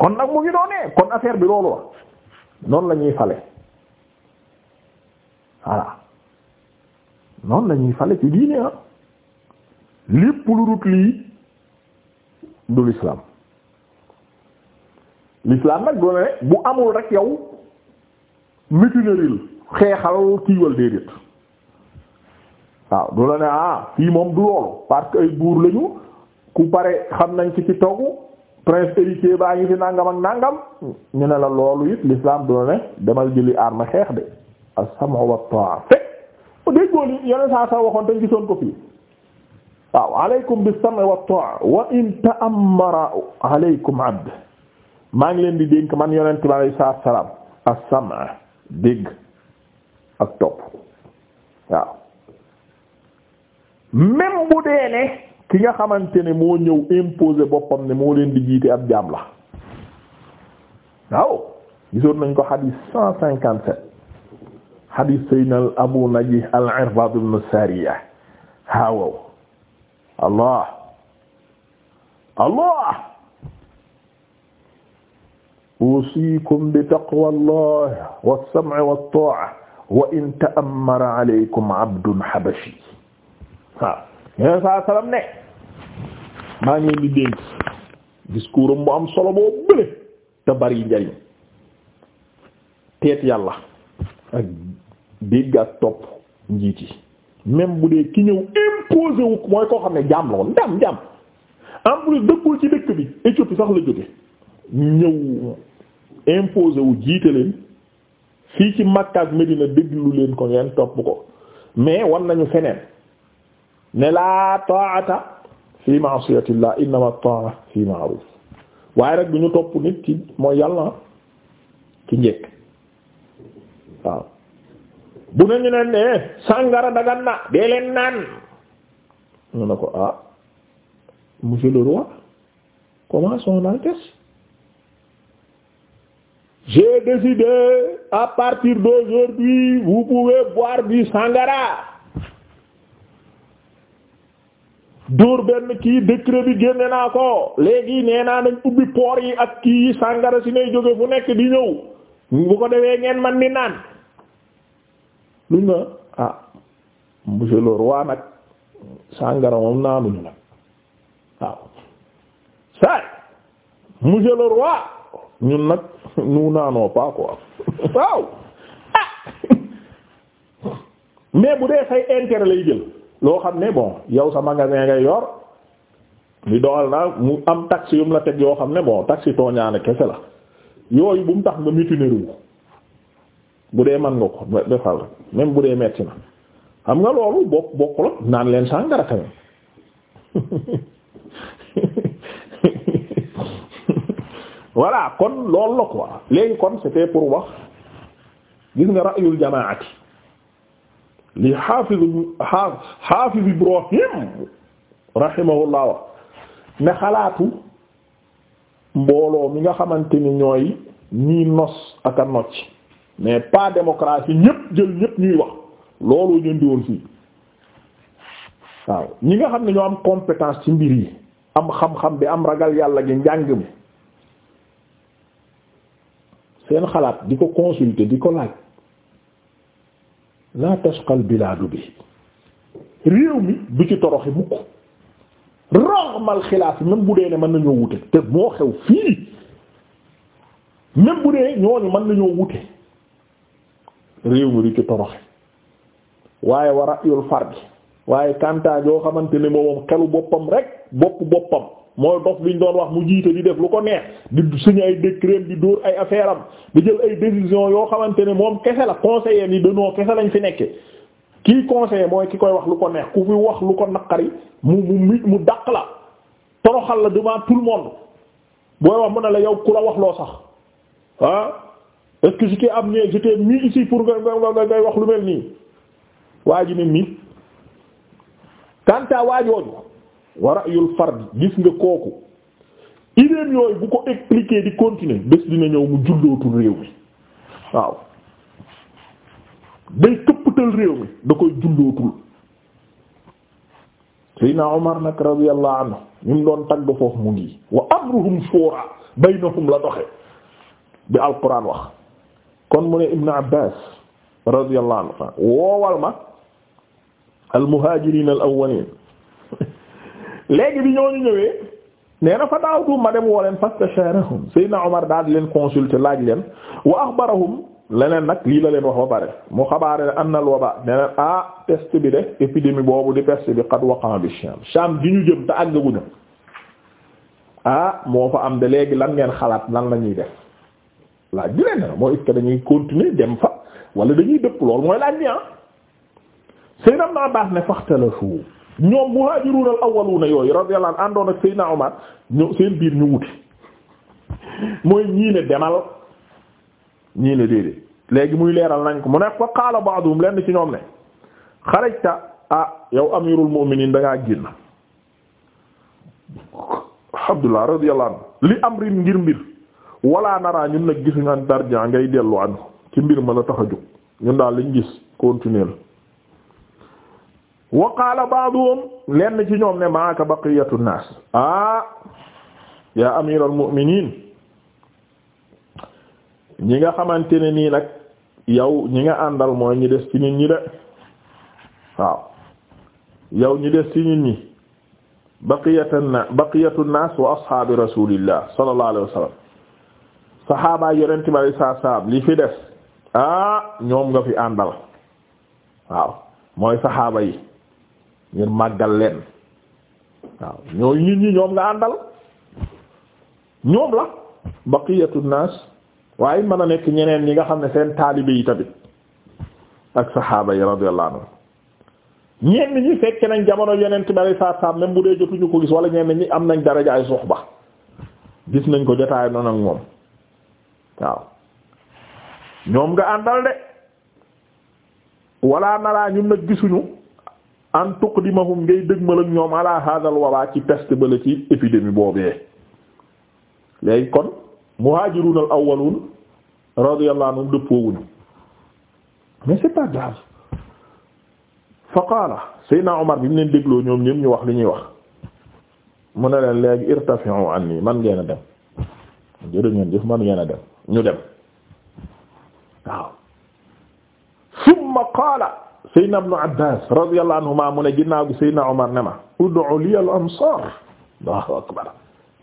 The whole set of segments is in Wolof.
kon nag mu ngi doonee kon affaire bi loolu la noonu lañuy ñuy fale voilà noonu la ñuy fale ci diine ah lépp lu rut lii du l'islam l'islam nag doona ne bu amul rek yow mutineril xeexal kiiwal déedéet waaw du la ne ah, fii moom du loolu parce que ay buur lañu ku pare xam nañ ci ci toggu prince héritier baa ngi fi nangam ak nangam ñu ne la loolu it l'islam du ne demal jëli arme xeex de as-sam'u wa ta'a fekk déggoo li saa saa waxoon te gisoon ko fii waaw aleykum bis-sam'i wa ta'a wa in di dénk man yonent bi alayhi salaatu wa salaam dégg ak topp waaw même bu dee ne ki nga xamante ne moo ñëw imposer boppam ne moo leen di jiite ab jaam la waaw gisoon nañ ko xadiis Abu Najih al-Irbaad ibn Sariya haawow allah allah uusiikum bi taqwa allah was-sam'i wat-taa'a wa in ta'ammara alaykum abdun habashi maa ngi leen di dénk discours am bu am solo boo bële te bari njariñ teet yàlla ak dégg ak topp njiit yi même bu dee ki ñëw imposé mooy koo xam ne jaam la woon jaam jaam en plus dëkkul ci dëkk bi Éthiopie sax la jóge ñëw imposé jiite leen fii ci Makka ak Medina déglu leen ko ngeen topp ko mais war nañu feneen ne fi ma'siyatillah innama ta'a fi ma'ruf waaye rek du ñu topp nit ki mooy yàlla ci njëkk waaw bu ne ñu ne nee dagan na dee leen naan ñu ko ah monsieur le roi comment son altesse j'ai décidé à partir d'aujourd'hui vous pouvez boire du sangara dóor benn kii décret bi génne naa ko léegi nee naa nañ ubbi poor yi ak kii yi sàngara si nay jóge fu nekk di ñëw bu ko defee ngeen man ni naan luñ na ah monsieur le roi nag moom naanuñu nag waaw saay ñun nag ñu naanoo pas quoi waaw ah mais bu dee say intérêt lay jël loo xam ne bon yow sa magasin nga yor li doxal naa mu am taxi yum la teg yoo xam ne bon taxi tooñaane kese la yooyu bu mu tax nga mutinerie bu dee man nga ko defal même bu dee metti na xam nga loolu bokk bokkul naan leen sàngara tamit voilà kon loolu la quoi léegi kon c'était pour wax gis nga ra'yul jamaati li xaafiz xaafiz Ibrahim rahimahullah wax ne xalaatu mbooloo mi nga xamante ni ñooy ñii nos ak a nocc mais pas démocratie ñépp jël ñépp ñuy wax loolu ñu indiwoon fii waaw ñi nga xam ne ñoo am compétence ci mbir yi am xam-xam bi am ragal yàlla gi njàng mi seen xalaat di ko consulter di ko laaj la tashqal bilaadu bi réew mi du ci toroxi mukk raxmal xilaaf même bu dee ne mën nañoo wute te moo xew fii même bu dee ñooñu mën nañoo wute réew mi du ci toroxi waaye wa ra'yul fard waaye kantaa yoo xamante ne moom xelu boppam rek bopp boppam mooy dof bi ñu doon wax mu jiite di def lu ko neex di suñu ay décret di dóor ay affaire am di jël ay décision yoo xamante ne moom kese la conseiller ni danoo kese lañu fi nekke kii conseiller mooy ki koy wax lu ko neex ku fi wax lu ko naqari mu mu mu daq la toroxal la devant tout le monde booy wax mu ne la yow ku la wax loo sax ah est-ce que j'étais amené j'étais mis ici pour nga nga ngay wax lu mel nii waa ji ne mi kanta waajooju wa ra'yul fard gis nga kooku idéem yooyu bu ko expliquer di continuer bés dina ñëw mu jullootul réew mi waaw day këpptal réew mi da koy jullootul Seydina Omar nag radiyallahu anhu ñu doon tagg foofu mu ngi wa amruhum shura baynahum la doxe bi alquran wax kon mu ne Ibn Abbas radiyallahu anhu woowal ma al muhajirin léegi ñoo ñooñu ñëwee nee na fa daawtu ma dem woo leen fastasharahum Seydina Omar daal di leen consulter laaj leen wa axbarahum leneen nag lii la leen wax ba pare mu xabaare ne annal waba nee na ah peste bi de épidémie boobu di peste bi bi Sham Sham di ñu jëm te àggaguñu ah moo fa am léegi lan ngeen xalaat lan la ñuy def laaj bi leen ne mooy est dañuy continuer dem fa wala dañuy dëpp loolu mooy laaj bi ah Seydina Abbas ne faxtalafu ñoom muhajirun al awwaluna yooyu radiyallahu anhu àndoon ak Seydina Omar ñu seen biir ñu wuti mooy ñii ne demal ñii déedéet léegi muy leeral nañ ko mu ne fa qaala ba'dhum lenn ci ñoom ne xarajta ah yow amirul mu'minin da ngaa génn Abdullah radiyallahu anhu li amrin ngir mbir wala nara ñun nag gis an tarja ngay dellu an ci mbir ma la tax a jóg ñun daal lañ gis continuer wa qaala ba'duhum lenn ci ñoom ne maaka baqiyatu naas ah yaa amiral mu'miniin ñi nga xamante ne nii nag yow ñi nga àndal mooy ñi des ci nit ñi de waaw yow ñi des ci nit ñi baqiyatu na baqiyatu naas wa ashaabi rasuulillah sallallahu alayhi wa saab li fi des ah ñoom nga fi àndal waaw mooy saxaaba yi ngir màggal leen waaw ñooyu nit ñi ñoom nga àndal ñoom la baqiyatu naas waaye mën a nekk ñeneen ñi nga xam ne seen taalibe yi tamit ak saxaaba yi radiyallahu anhu nañ jamono yeneen bari saa saa même bu dee jotuñu gis nañ daraja ay suxba gis nañ ko jotaay noonu ak moom waaw ñoom nga àndal de wala nalaa ñun nag gisuñu an tuqdimahum ngay dëgmal ak ñoom ala hadal wabaa ci peste ba la ci épidémie boobee léegi kon muhajirun al awwalun radiyallahu anhum dëppoowuñu mais c'est pas grave fa qaala Seydina Omar bi mu leen dégloo ñoom ñoom ñu wax li ñuy wax mu ne leen léegi irtafi'u anni man ngeen a dem jërë jëf man ngeen a dem ñu dem waaw summa qaala Seydina Ibnu Abbaas radiyallahu anhuma mu ne ginnaaw gi Seydina Omar ne ma ud'u li al ansaar Allahu akbar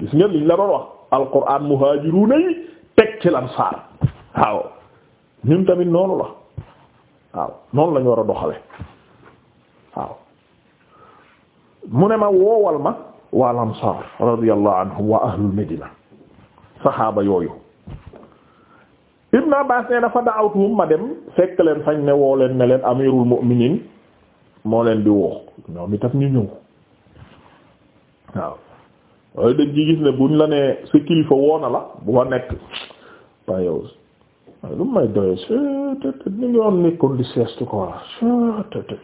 gis ngeen liñ la doon wax alquraan muhaajiruuna yi teg ci lansaar waaw ñun tamit noonu la waaw noonu lañu war a doxale waaw mu ne ma woowal ma waa lansaar radiyallahu anhum wa ahlul madina saxaaba yooyu Ibn Abbas ne dafa da'awtuhum ma dem fekk leen fañ ne woo leen ne leen amirul mu'minin moo leen di woo ñoom itam ñu ñëw waaw gis ne buñ la nee sa kilifa woona la bu ma nekk waaye yow lu may ni ngi woon nekkoon di seestu quoi stt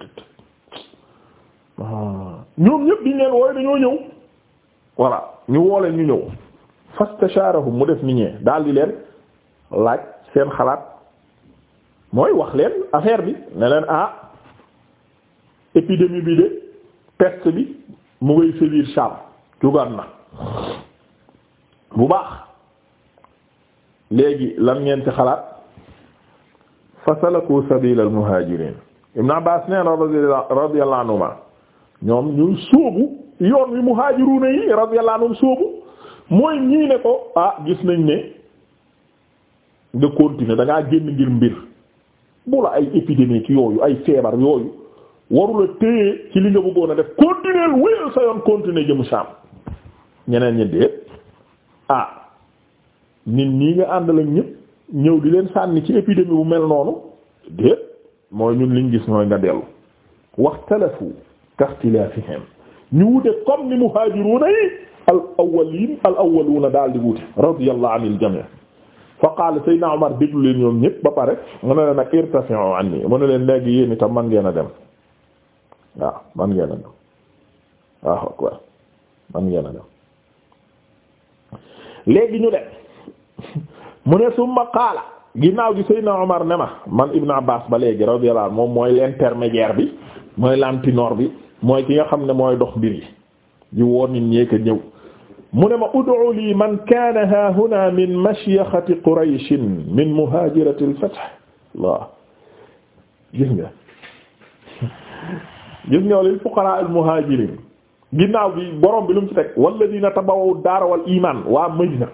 ah. ñoom ñëpp diñ leen wooye dañoo ñëw voilà ñu woo leen ñu ñëw fastasharahum mu def ni ñee daal di leen laaj seen xalaat mooy wax leen affaire bi ne leen ah épidémie bi de peste bi mu ngay sévir Sham jugaat na bu baax léegi lan ngeen ci xalaat fa salaku sabilal muhajirin Ibn Abbas nee na radiyallahu anhuma ñoom ñu sóobu yoon wi muhajiruna yi radiyallahu anhum sóobu mooy ñii ko ah gis nañ ne nga continuer da ngaa génn ngir mbir bu la ay épidémie ci yooyu ay feebar yooyu warula téye ci li nga bëggoon a def continuer wéyal sa yoon continuer jëm saam ñeneen ñi déet ah nit ñii nga ànd ak ñëpp ñëw di leen sànni ci épidémie bu mel noonu déet mooy ñun liñ gis mooy nga dellu waxtalafu kaxtilafihim ñu wute comme ni muhajiruna yi al awwalin al awwaluna daal di wute radiyallahu anil jami' fa qaala Seydina Omar déglu leen ñoom ñëpp ba pare mu ne leen nag irtafi'u anni mu ne leen léegi yéen itam man ngeen a dem man ngeen a dem waaw man ngeen a dem léegi ñu dem mu ne summa qaala ginnaaw gi na Omar ne ma man Ibn Abbas ba léegi radiyallahu anhu moom mooy l'intermédiaire bi mooy lantinoor bi mooy ki nga xam ne mooy dox mbir yi di woo nit ko ñëw mu ne ma ud'u lii man kaana haahuna min mashyakhati qurayshin min muhaajirati al-fath Allah gis nga gis nga lil fuqaraa al-muhaajiriin ginnaaw bi borom bi lu mu ci teg walladiina tabawwa'u ad-daara wal iimaan waa Madina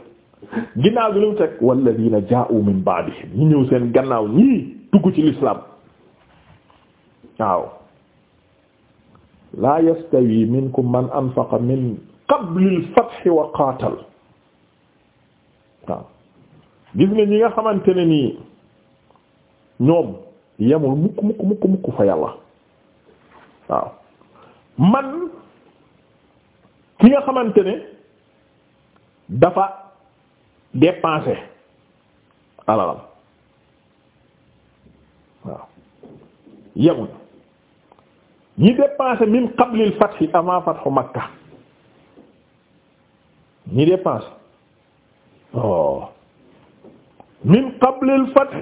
ginnaaw bi lu mu teg walladiina jaa'u min ba'dihim ñi ñëw seen gannaaw ñii dugg ci lislaam waaw laa yastawi minkum man anfaqa min qablil fathi wa qaatal waaw gis nga ñi nga xamante ne nii ñoom yemul mukk mukk mukk mukk fa yàlla waaw man ki nga xamante ne dafa dépensé alalam waaw yemul ñi dépensé min qablil fathi avant fathu Makka ñi dépensé oh min qabl al fath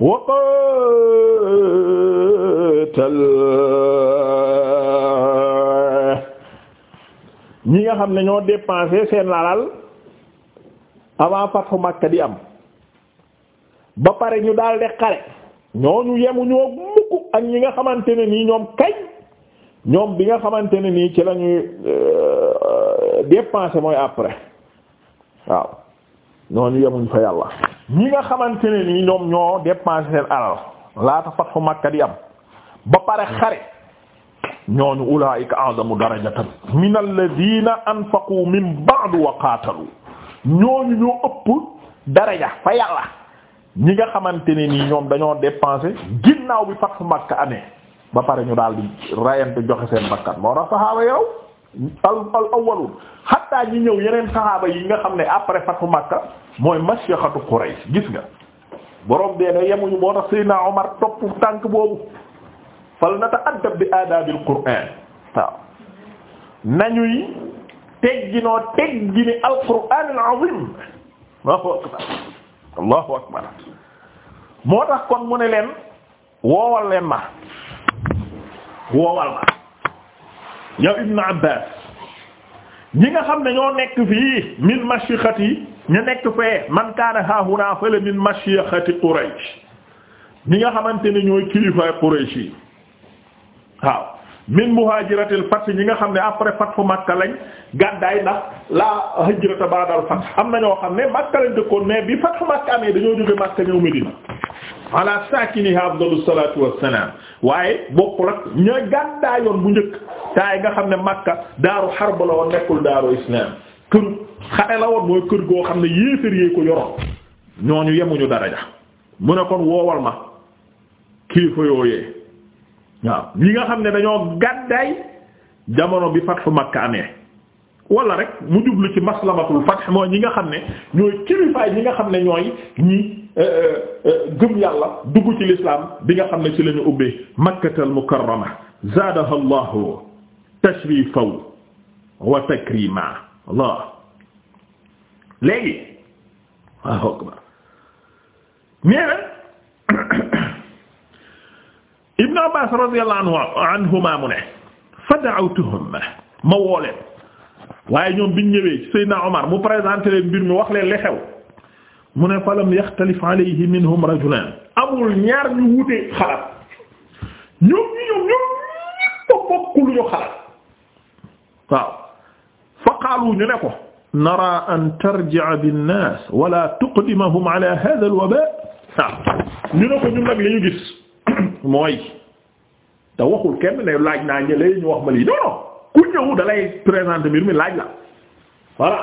waaw ñi nga xam ne ñoo dépensé seen alal avant fathu Makka di am ba pare ñu daal de xare ñooñu yemuñoo mukk ak ñi nga xamante ne nii ñoom kañ ñoom bi nga xamante ne nii ci la ñuy euh, dépenser mooy après waaw ñooñu yemuñ fa yàlla ñi nga xamante ne nii ñoom ñoo dépenser seen alal laata fatxu Makka di am ba pare xare ñooñu ulaa'ika a'zamu darajatan min alladhina anfaqu min ba'du wa qaatalu ñooñu ñoo ëpp daraja fa yàlla ñi nga xamante ne nii ñoom dañoo dépenser ginnaaw bi fatxu Makka amee ba pare ñu daal di rayante joxe seen bakkan moo tax saxaaba yow al al awwalun xatta ñi ñëw yeneen saxaaba yi nga xam ne après fatu Makka mooy masyaxatu Quraysh gis nga borom dee ne yemuñu moo tax Seydina Omar topp tànk boobu fal nata'addab bi aadaabil Qur'aan waaw nañuy tegginoo teggini al-Qur'aan al-azim Allahu akbar Allahu akbar moo tax kon mu ne leen woowal leen ma woowal ma yow Ibn Abbas ñi nga xam ne ñoo nekk fii min mashikhati ñu nekk fee man kaana haahuna fële min mashikhati Quraysh ñi nga xamante ne ñooy kilifaay Quraysh yi waaw min muhajiratil fath ñi nga xam ne après fathu Makka lañ gàddaay ndax la hijrata ba'dal fath am na ñoo xam ne Makka lañ bi fathu Makka amee dañoo jóge Makka ñëw Medina ala sakiniha afdalu salatu wassalam waaye bokku ak ñooy gàddaayoon bu njëkk taay nga xam ne Makka daaru harb la woon nekkul daaru islam kër xare la woon mooy kër goo xam ne yéefar yee ko yoroon ñooñu yemuñu daraja mu ne kon woowal ma kilifa yooyee waaw ñi nga xam ne dañoo gàddaay jamono bi fatxu Makka amee wala rek mu jublu ci maslamatul fatx mooy ñi nga xam ne ñooy kilifaay ñi nga xam ne ñooy ñi euh, euh, euh, gëm yàlla dugg ci lislaam bi nga xam ne ci lañu ñu ubbee makkatal mukarrama zaadaha llahu tashrifan wa takrima allah léegi waaw nee na Ibn Abbas radiyallahu anhuma mu ne fa da'awtuhum ma woo leen waaye ñoom biñ ñëwee ci Seydina Omar mu présenté leen mbir mi wax leen li xew mu ne fa lam yaxtalif alayhi minhum rajulan amul ñaar ñu wute xalaat ñoom ñi ñoom ñoom ñépp bokk lu ñu xalaat waaw fa qaalu ñu ne ko nara an tarji'a bin-nas wala tuqdimahum ala hadha al-waba' ñu ne ko ñun nag li ñu gis mooy te waxul kenn ne laaj naa ñëlee ñu wax ma lii non non ku ñëw da lay mbir mi laaj la voilà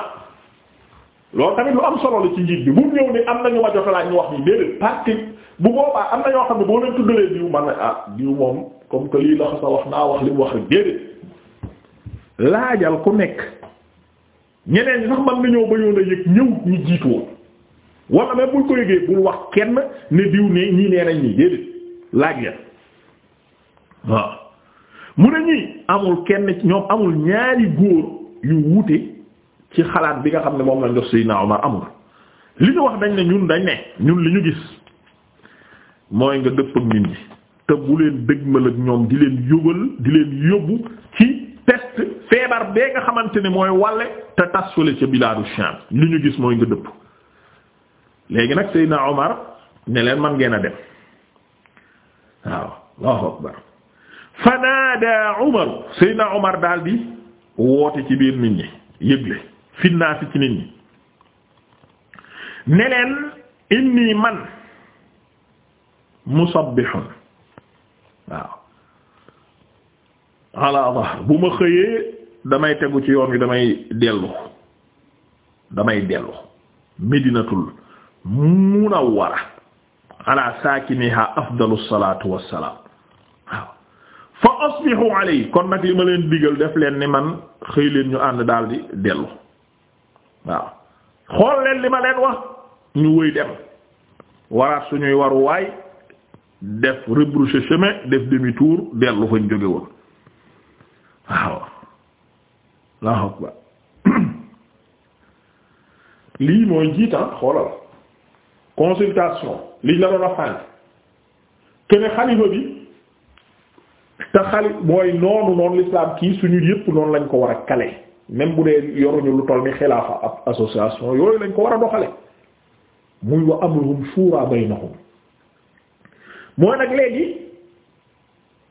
loolu tamit lu am solo la ci njiit bi bu ñëw ni am na ñu ma jot laaj ñu wax nii déedéet parce bu boobaa am na ñoo xam ne boo leen tuddalee diw man na ah diw moom comme que lii la xasa wax naa wax li wax rek déedéet laajal ku nekk ñeneen ñi sax man nañoo bañoon a yëg ñëw ñu jiitoo wala même buñ ko yëgee bul wax kenn ne diw ne ñii nee nañ ñii déedéet laaj leen waaw mu ne ñii amul kenn ñoom amul ñaari góor yu wute ci xalaat bi nga xam ne moom lañ jox Seydina Omar amul li ñu wax dañ ne ñun dañ ne ñun li ñu gis mooy nga dëpp ak nit ñi te bu leen dëgmal ak ñoom di leen yóbal di leen yóbbu ci test feebar bee nga xamante ne mooy wàlle te tas fële ca bilaadu Sham li ñu gis mooy nga dëpp léegi nag Seydina Omar ne leen man ngeen a dem waaw Allahu akbar fanaada Umar Seydina Umar daal woote ci biir nit ñi yëgle finnaasi ci nit ñi ne inni man musabbihun waaw ala dhahr bu ma xëyee damay tegu ci yoon wi damay dellu damay dellu medinatul munawwara alaa saakiniha afdalu salaatu wassalaam waaw fa asbihu alayhi kon nag li ma leen digal def leen ni man xëy leen ñu ànd daal di dellu waaw xool leen li ma leen wax ñu wëy dem waraat suñuy waru waay def rebrousser chemin def demi tour dellu fañ jóge woon waaw Allahu akbar lii mooy jiitaan xoolal lii la doon a sànk ke xalifa bi te xali mooy noonu noonu l'islam kii suñu yëpp noonu lañ ko war a kale même bu dee yoruñu lu toll ni xilaafa ab association yooyu lañ ko war a doxale muy wa amruhum shura baynahum mooy nag léegi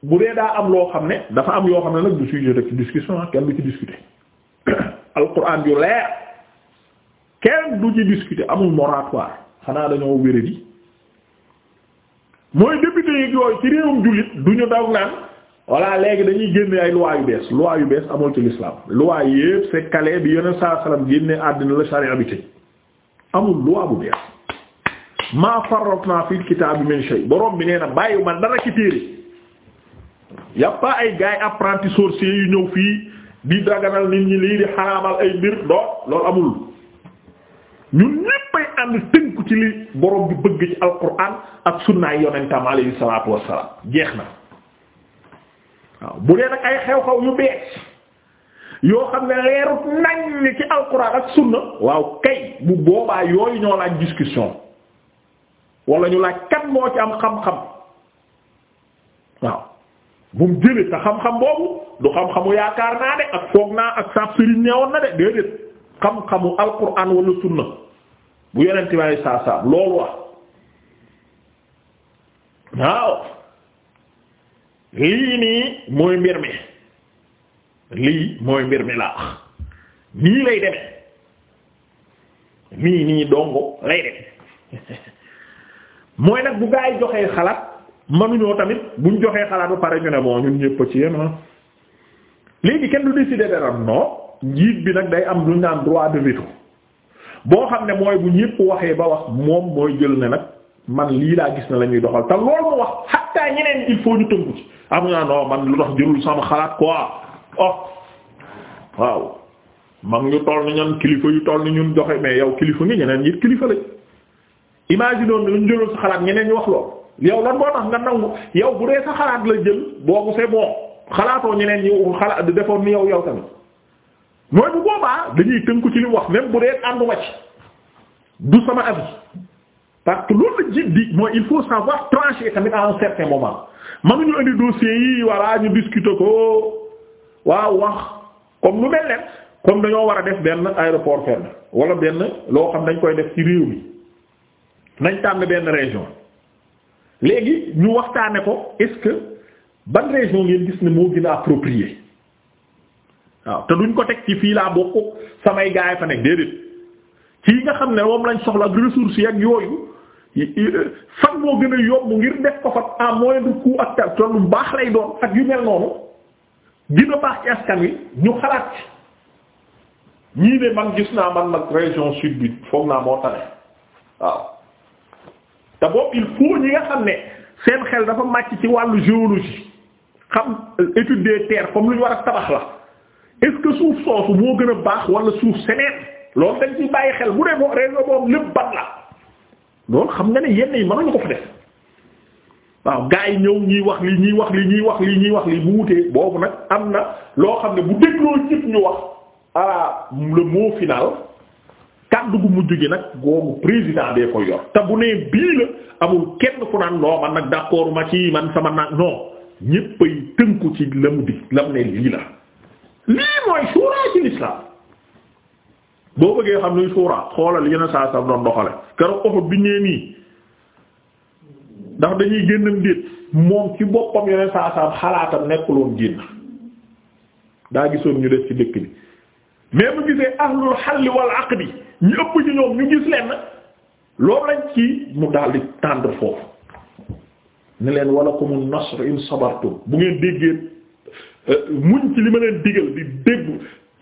bu dee daa am loo xam ne dafa am yoo xam ne nag du sujet de discussion ah, kenn du ci discuter alquran yu leer kenn du ci discuter amul moratoire xanaa dañoo wéradi mooy député yi yooyu ci réewum jullit du ñu daw naan voilà léegi dañuy génne ay loi yu bees loi yu bees amul ci l'islam loi yépp c'est calé bi yoneen saa salaam génne àddina la charia bi tëj amul loi bu bees maa farratna fil kitaabi min shay borom bi nee na bàyyi man dara ci téere y'a pas ay gars yi apprentis yu ñëw fii di daganal nit ñi lii di xaraamal ay mbir do loolu amul ñun ànd tënku ci li borom bi bëgg ci alquran ak sunnaay yonentam alayhi salaatu wassalaam jeex na waaw bu dee nag ay xew-xew yu bees yoo xam ne leerut nañ ci alquran ak sunna waaw kay bu boobaa yooyu ñoo laaj discussion wala ñu laaj kat moo ci am xam-xam waaw bu mu jëlee te xam-xam boobu du xam-xamu yaakaar naa de ak foog naa ak saab sëriñ ñeewoon na de déedéet xam-xamu alquran wala sunna bu yonent bi alei saatu loolu wax waaw lii nii mooy mbir mi lii mooy mbir mi laa lii lay deme nii nii dongo lay deme mooy nag bu gaa yi joxee xalaat manuñoo tamit buñ joxee xalaat ba pare ñu ne bon ñun ñëpp ci yéen ah. léegi kenn du décider dara non njiit bi nag day am lu ñu naan droit de veto boo xam ne mooy bu ñépp waxee ba wax moom mooy jël ne nag man lii laa gis ne lañuy ñuy doxal te loolu mu wax xatta ñeneen ñu tënku ci amu naa non xalaat quoi oh waaw mag ñu toll ni ñun kilifa yu toll ni ñun joxe mais yow kilifa ngi ñeneen ñi kilifa lañ imagine doon lu ñu jëlul sa xalaat ñeneen ñu wax loolu yow lan boo tax nga nangu yow bu dee sa xalaat la jël boobu c'est bon xalaatoo ñeneen ñi xalaat defoon ni yow yow tamit mooy bu boobaa dañuy tënku ci li wax même bu dee àndu wàcc du sama avis parce que loolu la jiddi mooy il faut savoir trancher tamit à un certain moment mënuñu indi dossier yi walla ñu discuter ko waaw wax comme lu mel ne comme dañoo war a def benn aéroport fenn wala benn loo xam dañ koy def ci réew mi nañ tànn benn région léegi ñu waxtaane ko est-ce que ban région ngeen gis ne moo gën a approprié waaw te duñ ko teg ci fii laa bokk samay gaay fa nekk déedéet ci nga xam ne moom lañ soxla ak ressources yi ak yooyu euh, fan moo gën a yomb ngir def ko fa en moyen de coût ak ta lu baax lay ak yu mel noonu dina baax ñu xalaat ñii de man gis naa man nag bi foog naa moo tane waaw te ne seen xel dafa màcc ci wàllu géologie xam euh, étude comme lu ñu war a tabax la est-ce que suuf soosu moo gën a baax wala suuf seneen loolu dañ ci bàyyi xel bu dee boo réunion boobu lépp ban la loolu xam nga ne yenn yi mënuñu ko fa def waaw gaa yi ñëw ñuy wax li ñuy wax li ñuy wax li ñuy wax li bu wutee boobu nag am na loo xam ne bu dégloo ñëpp ñu wax ah le mot final kàddu gu mujj gi nag googu président bee koy yor te bu nee bii la amul kenn ku naan non man nag d'accord ma ci man sama naan non ñëppay tënku ci la mu di la mu ne lii la. lii mooy suuraa ci lislaam boo bëggee xam luy suuraa xoolal yenn saa saa doon doxale keroog Uhud bi ñee nii ndax dañuy génnam déet moom ci boppam yenn saa saa xalaatam nekkuloon génn daa gisoon ñu def ci dëkk bi mais bu gisee ahlul xalli wal aqdi ñu ëpp ci ñoom ñu gis leen loolu lañ ci mu daldi tànd foofu ne leen walakumun nasr in sabartum bu ngeen déggee Euh, muñ ci li ma leen digal di dégg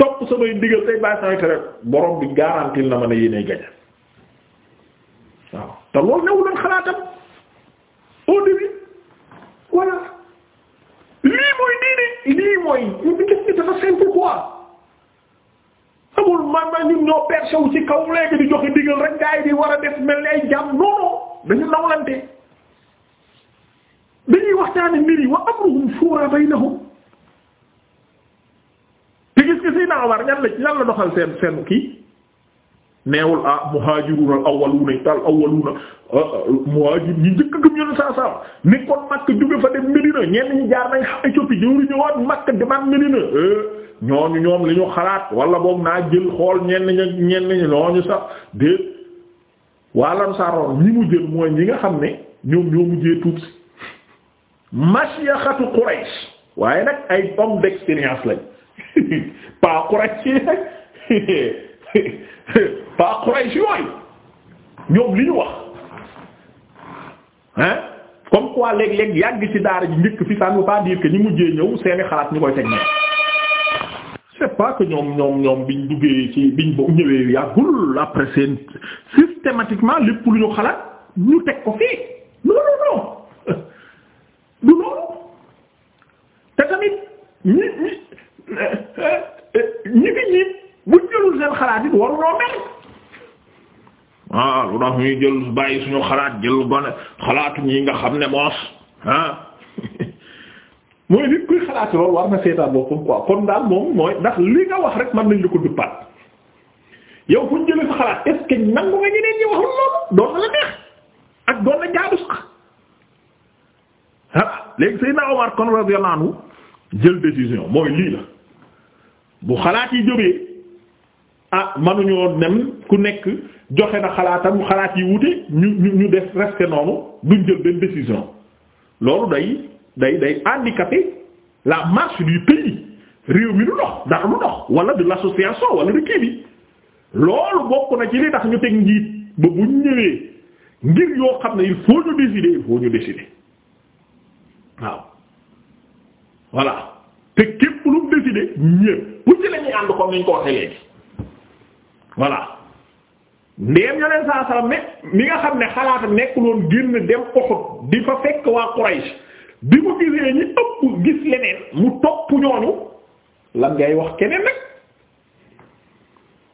topp samay digal tey bàyyi samay tere borom bi garantil na ma ne yéenay gañe waaw te loolu newuloon xalaatam au début voilà lii mooy diine lii mooy ñu gis ni dafa simple quoi amul man ma ñun ñoo perché ci kaw léegi di joxe digal rek gaa yi di war a def mel ni ay jàmm non dañu nawlante dañuy waxtaane mbir yi wa amruhum shura baynahum te gis nga Seydina Umar ñan la ñan doxal seen seen kii neewul ah muhajiruna al awwaluna al awwaluna ah, muhajir ñi njëkk gëm ñoon saa saa ni kon Makka jóge fa dem Medina eh, ñooñu ñoom li ñu xalaat wala boog naa jël xool ñenn ñi ñenn ñi ñooñu sax déet wàllan saaroon ñi mu jël mooy ñi nga xam ne ñoom ñoo mujjee tuub si mashiaxatu Quraysh waaye nag ay homme d'expérience lañ pas Quraysh pas Quraysh yooyu ñoom li ñu wax hein comme quoi léeg-léeg yàgg ci daara ji njëkk fi ça ne veut pas dire que ñu mujjee ñëw seeni xalaat ñu koy teg ne c'est pas que ñoom ñoom ñoom biñ duggee ci biñ bo ñëwee yàggul après seen systématiquement lépp lu ñu xalaat ñu teg ko fii non non du loolu te tamit ñi ñi ñi fi ñi bu jëlul seen xalaat it waruñoo mel ah lu tax ñuy jël bàyyi suñu xalaat jël gone xalaatu ñi nga xam ne moos ah mooy nit kuy xalaat loolu war na seetaan boppam quoi kon daal moom mooy ndax li nga wax rek mën nañ la ko duppaat yow fu ñu jëlee sa xalaat est-ce que nangu nga ñeneen ñi waxul loolu doon na la neex ak doon na jaadu sax ah léegi Seydina Omar kon radiyallahu anhu jël décision mooy lii la. bu xalaat yi jógee ah manuñoo nem ku nekk joxe na xalaatam xalaat yi wute ñu ñu ñu def rester noonu duñ jël benn décision loolu day day day handicapé la marche du pays réew mi du dox dara du dox wala de l'association wala de kii bi loolu bokk na ci li tax ñu teg njiit ba bu ñëwee ngir yoo xam ne il faut ñu décider il ñu décider waaw voilà ci de ñépp bu ci ànd comme ni ñu ko waxee léegi voilà ndéem ñoo leen saa salaam mi nga xam ne xalaata nekkuloon génn dem Uhud di fa fekk waa Quraysh bi mu gisee ñi ëpp gis leneen mu topp ñooñu lan ngay wax keneen nag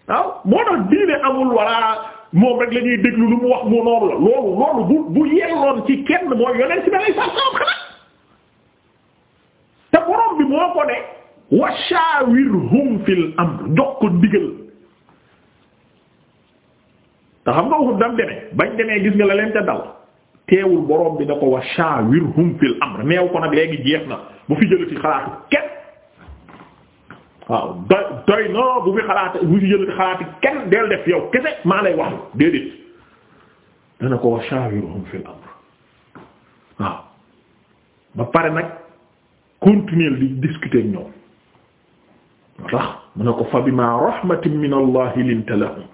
waaw moo tax diine amul walla moom rek la déglu lu mu wax mu noonu la loolu loolu bu bu yelloon ci kenn mooy yoneen si ba lay saa salaam wa shawirhum fil amr jox ko digal te xam nga waxut dam demee bañ demee gis nga la leen ca dal teewul borom bi da ko wa shawirhum fil amr neew ko nag léegi jeex na bu fi jëlati xalaatu kenn waaw bu fi xalaat bu fi jëlati xalaati del def yow kese maa lay wax déedéet dana ko wa shawirhum fil amr waaw ba pare nag continuer di discuter ñoom tax mu ne ko fa bima rahmatin min allah linta lahum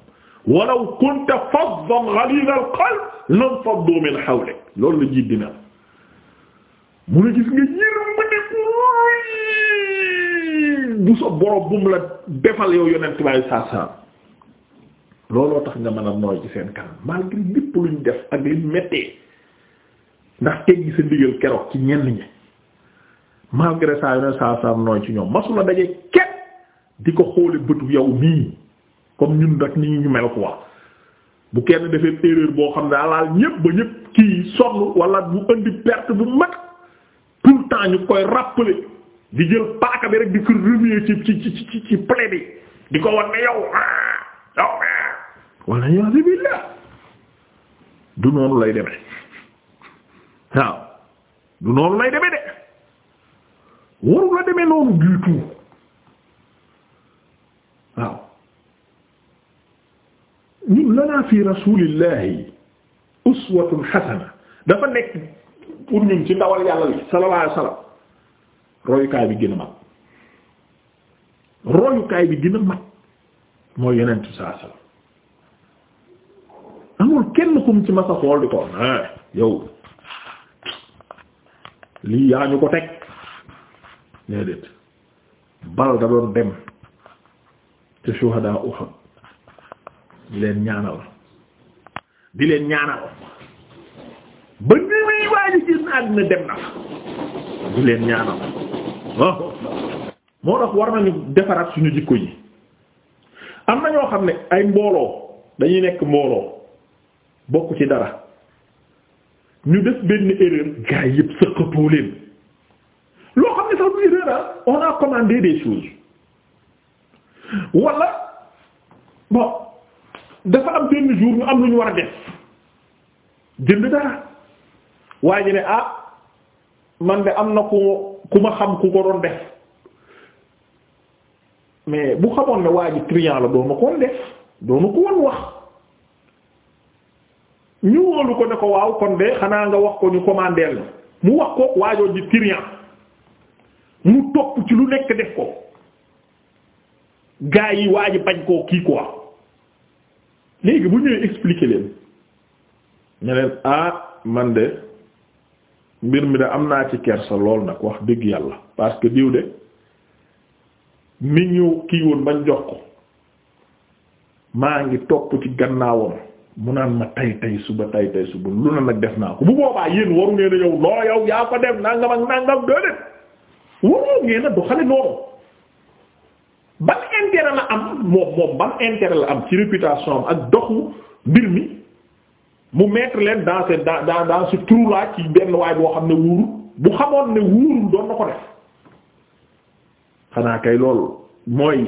walaw kunta faddan ghaliza al qalb lan faddu min hawlik loolu la jiit dina mu ne gis nga yërmande bu sa borom bu mu la defal yow yonent bi saa saa looloo tax nga mën a nooy ci seen kanam malgré lépp luñ def ak li mettee ndax teggi sa ndigal keroog ci ñenn ñi malgré saa yonent saa saa nooy ci ñoom masu la daje di ko xoole bëtu yow mii comme ñun rek ni ñu mel ko wax bu kenn defee erreur boo xam ne daal ñépp ba ñépp kii sonn wala bu indi perte bu mag tout le temps ñu koy rappeler di jël paaka bi rek di ko remuer bi di ko wan ne yow ah, yow ah. wala yasi billah du noonu lay demee waaw du noonu lay demee de waru la noonu du tout waaw ñun lanaa fi rasulillahi uswatun hasana dafa nekk pour ñun ci ndawal yàlla li sallallahu alayhi royukaay bi gën a mat royukaay bi gën a mat mooy yeneen tu saa amul kenn kum ci masa xool di ko ah, yow lii yaa ñu ko teg déedéet bal da doon dem ca shuhada Uhud di leen ñaanal di leen ñaanal ba ni muy waaji gis na dem na di leen ñaanal waaw moo tax war nañu defaraat suñu jikko yi am na ñoo xam ne ay mbooloo dañuy nekk mbooloo bokk ci dara ñu def benn erreur gaa yépp sëqatoo leen loo xam ne sax du erreur ah on a commandé des choses wala bo dafa am benn jour ñu am lu ñu war a def jënd dara waaye ji ne ah man de am na ku ku ma xam ku ko doon def mais bu xamoon ne waa ji client la doonu ko woon def doonu ko wax ñu wóolu ko ne ko waaw kon de xanaa nga wax ko ñu commandeel la mu wax ko waajoo ji client mu topp ci lu nekk def ko gaa yi waa ji bañ koo kii quoi léegi bu ñëwee expliquer leen ne ah man de mbir mi de am naa ci kers lool nag wax dégg yàlla parce que diw de mi ñu kii woon bañ jox ko maa ngi topp ci gannaawam mu naan ma tay tay suba tay tay suba lu na nag def naa ko bu boobaa yéen waru ngeen a yow non yow yaa ko def nangam ak nangam déedéet waroo ngeen a doxale noonu. ban intérêt la am moom moom ban intérêt la am ci réputation am ak doxu mbir mi mu mettre leen dans ce daa dans ce trou là ci benn waay boo xam ne wuuru bu xamoon ne wuuru doon na ko def xanaa kay loolu mooy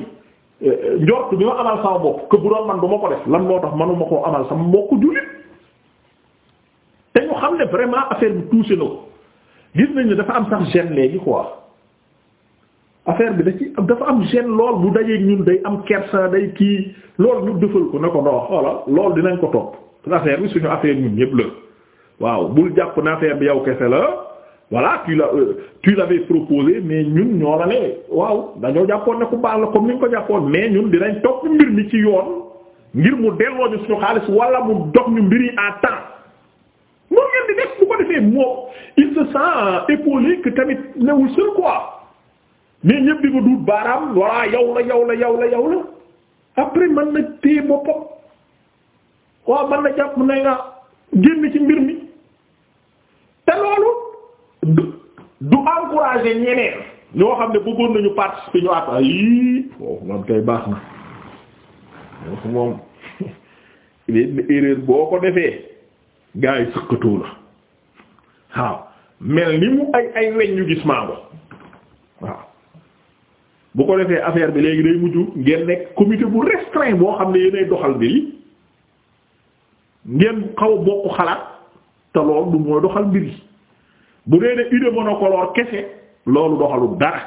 euh, njort bi ma amal sama bopp que bu doon man du ma ko def lan moo tax manuma koo amal sama mbokku jullit te ñu xam ne vraiment affaire bi touché na ko gis nañ dafa am sax gêne léegi quoi. affaire bi da ci dafa am gêne lool bu dajee ñun day am kersa day kii lool ñu defal ko ne ko non xoola lool dinañ ko topp affaire bi suñu affaire ñun ñëpp la waaw bul jàpp na affaire bi yow kese la voilà tu la euh, tu l'avais proposé mais ñun ñoo la ne waaw dañoo jàppoon ne ku baax la comme ni nga ko jàppoon mais ñun dinañ topp mbir mi ci yoon ngir mu delloo ñu suñu xaalis wala mu dox ñu mbir yi à temps ngeen di def bu ko defee moom il se sent euh, épaulé tamit newul seul mais ñëpp di ko duut baaraam walla yow la yow la yow la yow la après mën na téye boppam waaw mën na jàpp na nga génn ci mbir mi te loolu du du encourager ñeneen ñoo xam ne bëggoon nañu participer ñu at ay moom kay baax na foofu moom boo ko defee gars sëqatoo la waaw mel ni mu ay ay weñ ñu gis maa ko waaw bu ko defee affaire bi léegi day mujj ngeen nekk comité bu restreint boo xam ne yéenay doxal mbir yi ngeen xaw a bokk xalaat te loolu du mooy doxal mbir bu dee ne idée monocolore kese loolu doxalu dara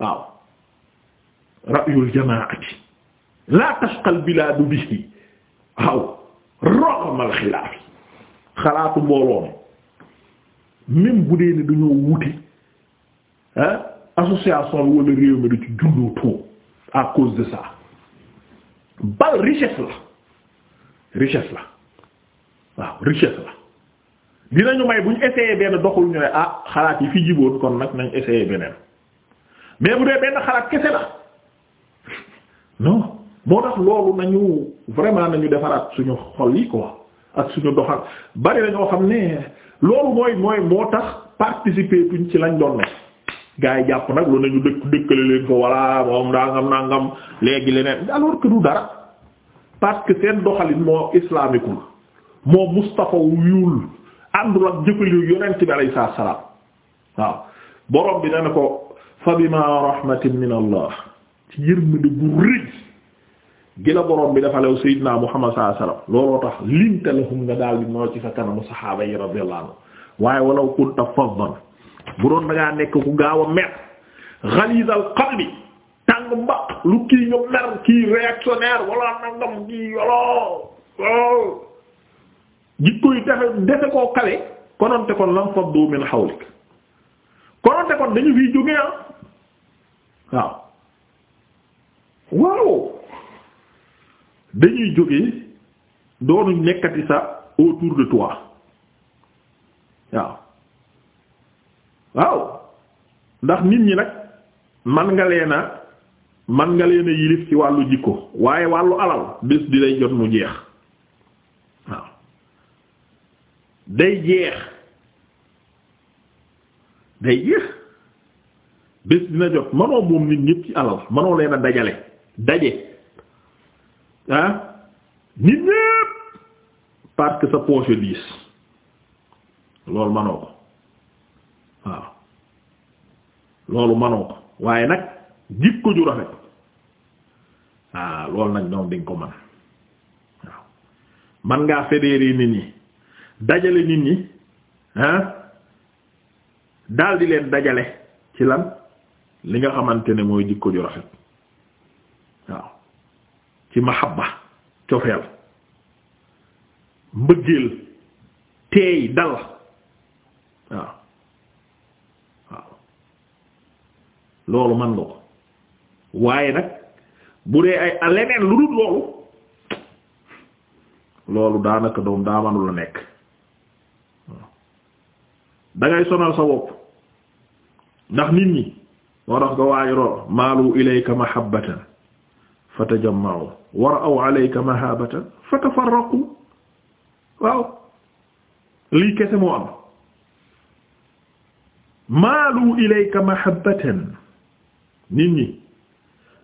waaw ra'yul jamaa'ati la du biladu bihi waaw roxamal xilaaf xalaatu mbooloo même bu dee ne dañoo wute association bi wala réew mi da ci jundoo too à cause de ça bal richesse la richesse la waaw richesse la dinañu may bu ñu benn doxul ñu ne ah xalaat yi fi jiboon kon nag nañ essayé beneen mais bu dee benn xalaat kese la non moo tax loolu nañu vraiment nañu defaraat suñu xol yi ko ak suñu doxal bari na ñoo xam ne loolu mooy mooy moo tax participer tuñ ci lañ doon ne gaa yi jàpp nag lu nañu dëkk dëkkale leen ko walla moom ndangam nangam léegi leneen alors que du dara parce que seen doxalin moo islamique moo Mustafa wuyul àndul ak jëfandikoo yonent bi alayhi salaam waaw borom bi nee na ko fa bimaa rahmatin min Allah ci yërmande gu rëy gi la borom bi dafa lew Seydina Muhammad sallallahu alayhi wasallam looloo tax linta lahum nga daal di noo ci sa kanamu saxaaba yi waaye walaw kunta faddan bu doon da nekk ku gaaw a mer ghalizal qalbi tàng mbaq lu kii ñu mer kii réactionnaire wala nangam kii yolo o jikko yi defe defe koo kale kononte kon lam faddu min hawlik kononte kon dañu fi jóge ah. waaw waaw dañuy jóge doonuñ nekkati sa autour de toi waaw waaw ndax nit ñi nag man nga leen man nga leen a yilif ci wàllu jikko waaye wàllu alal bés di lay jot mu jeex waaw day jeex day jeex bés dina jot manoo moom nit ñépp ci alal manoo leen a dajale daje ah nit ñépp parce que sa poche diis loolu manoo ko waaw loolu manoo ko waaye nag jikko ju rafet waaw ah, loolu nag ñoom diñ ko man waaw man ngaa fédérer nit ñi dajale nit ñi ah daldi leen dajale ci lan li nga xamante ne mooy jikko ju rafet waaw ci mahabba cofeel mbëggeel teey dal loolu man nga ko waaye nag bu dee ay leneen lu dul loolu loolu daanaka doom daa manula nekk dangay sonal sa bopp ndax nit ñi moo tax ko waayuroo maalu ilayka mahabbatan fatajamma'u wa waaw lii kese moo am maalu ilayka mahabbatan nit ñi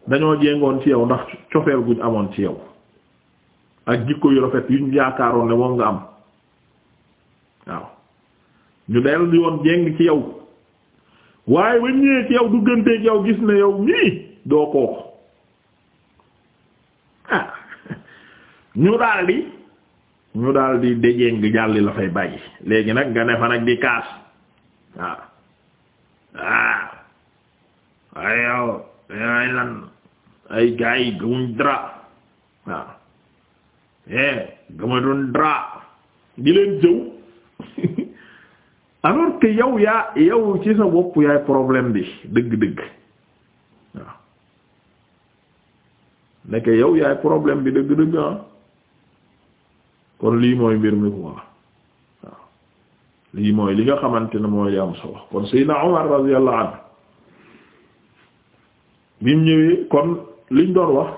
dañoo jéngoon ci yow ndax cofeel guñ amoon ci yow ak jikko yu rafet yuñ yaakaaroon ne moom nga am waaw ñu del di woon jéng ci yow waaye ba ñëwee ci yow dugganteeg yow gis ne yow mii doo kooku ah ñu daldi di ñu daal di dejeng jàlli la fay bàyyi léegi nag nga ne fa nag di kaas waaw ay ay lan ay gaa yi gëmuñ dara waaw eh gëma doon dara di leen jëw ci sa bopp yaay problème bi dëgg-dëgg waaw nekk yow yaay problème bi dëgg-dëgg ah. kon lii mooy mbir mi quoi waaw mooy li nga xamante ne mooy li am kon Seydina Umar radiyallahu anhu bi mu ñëwee kon liñ doon wax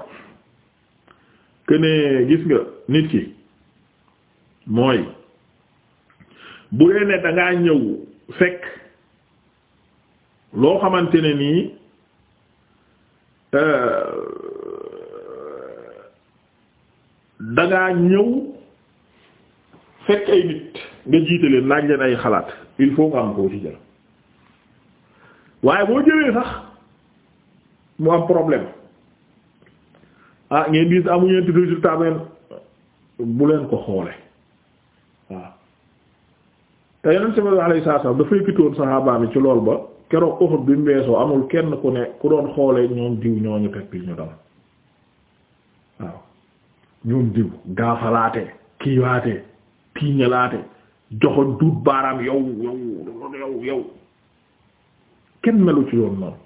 que gis nga nit ki mooy bu dee ne da ñëw fekk loo xamante ne nii euh, da ñëw fekk ay nit nga jiite leen laaj leen ay xalaat il faut nga am koo ci jël waaye boo jëlee sax. mu am problème ah ngeen gis amuñu leen résultat benn bu leen ko xoole waaw te yeneen sallallahu alayhi dafa yëkkatoon ci lool ba keroog Uhud bi mu weesoo amul kenn ku ne xoole ñoom diw ñooñu tiiñalaate joxoñ duut baaraam yow yow kenn melu ci yoon noonu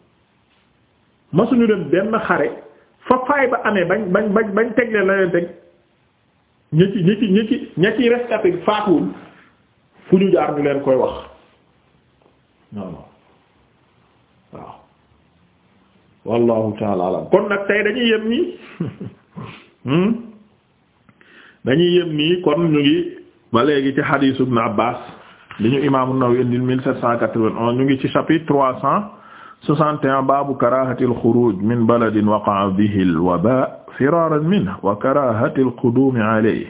masuñu dem benn xare fa faay ba amee bañ bañ bañ bañ teg leen la leen teg ña ci ña ci ña ci ña ci rescapé faatuwul fu ñu jaar ñu leen koy wax non non waaw wallahu taala alam kon nag tey dañuy yem nii hmm? dañuy yem nii kon ñu ngi ba léegi ci xadiisu Ibn Abbas li ñu imaamu Nawawi indil 1791 ñu ngi ci chapitre 300. 61 baabu karaahatil xuruuj min baladin waqa'a bihil wabaa firaaran minhu wa karaahatil quduumi alayhi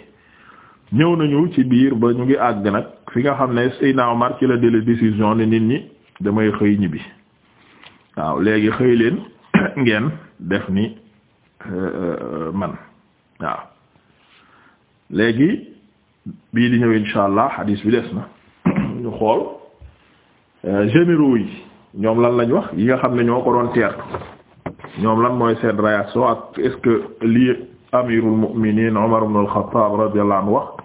ñëw nañu ci biir ba ñu ngi àgg nag fi nga xam ne Seydina Omar ci la jëlee décision ne nit ñi damay xëy ñibbi waaw léegi xëy leen ngeen def ni euh, euh, man waaw léegi bii di ñëw insha allah bi des na ñu xool euh, généraux yi. ñoom lan lañ wax yi nga xam ne ñoo ko doon teertu ñoom lan mooy seen réaction que lii amirul mu'minin wax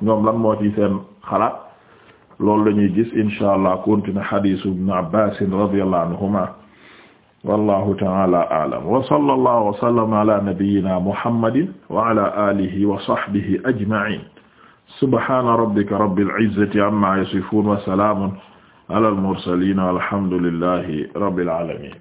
ñoom lan moo ci seen xalaat loolu lañuy gis insha allah continue hadith ibn Abbas radiyallahu anhuma wallahu ta'ala a'lam wa sallallahu wa sallama ala nabiyyina muhammadin wa ala alihi wa ajma'in subhana rabbika rabbil izzati amma yasifun wa salamun ala al mursalin walhamdulillahi rabbil alamin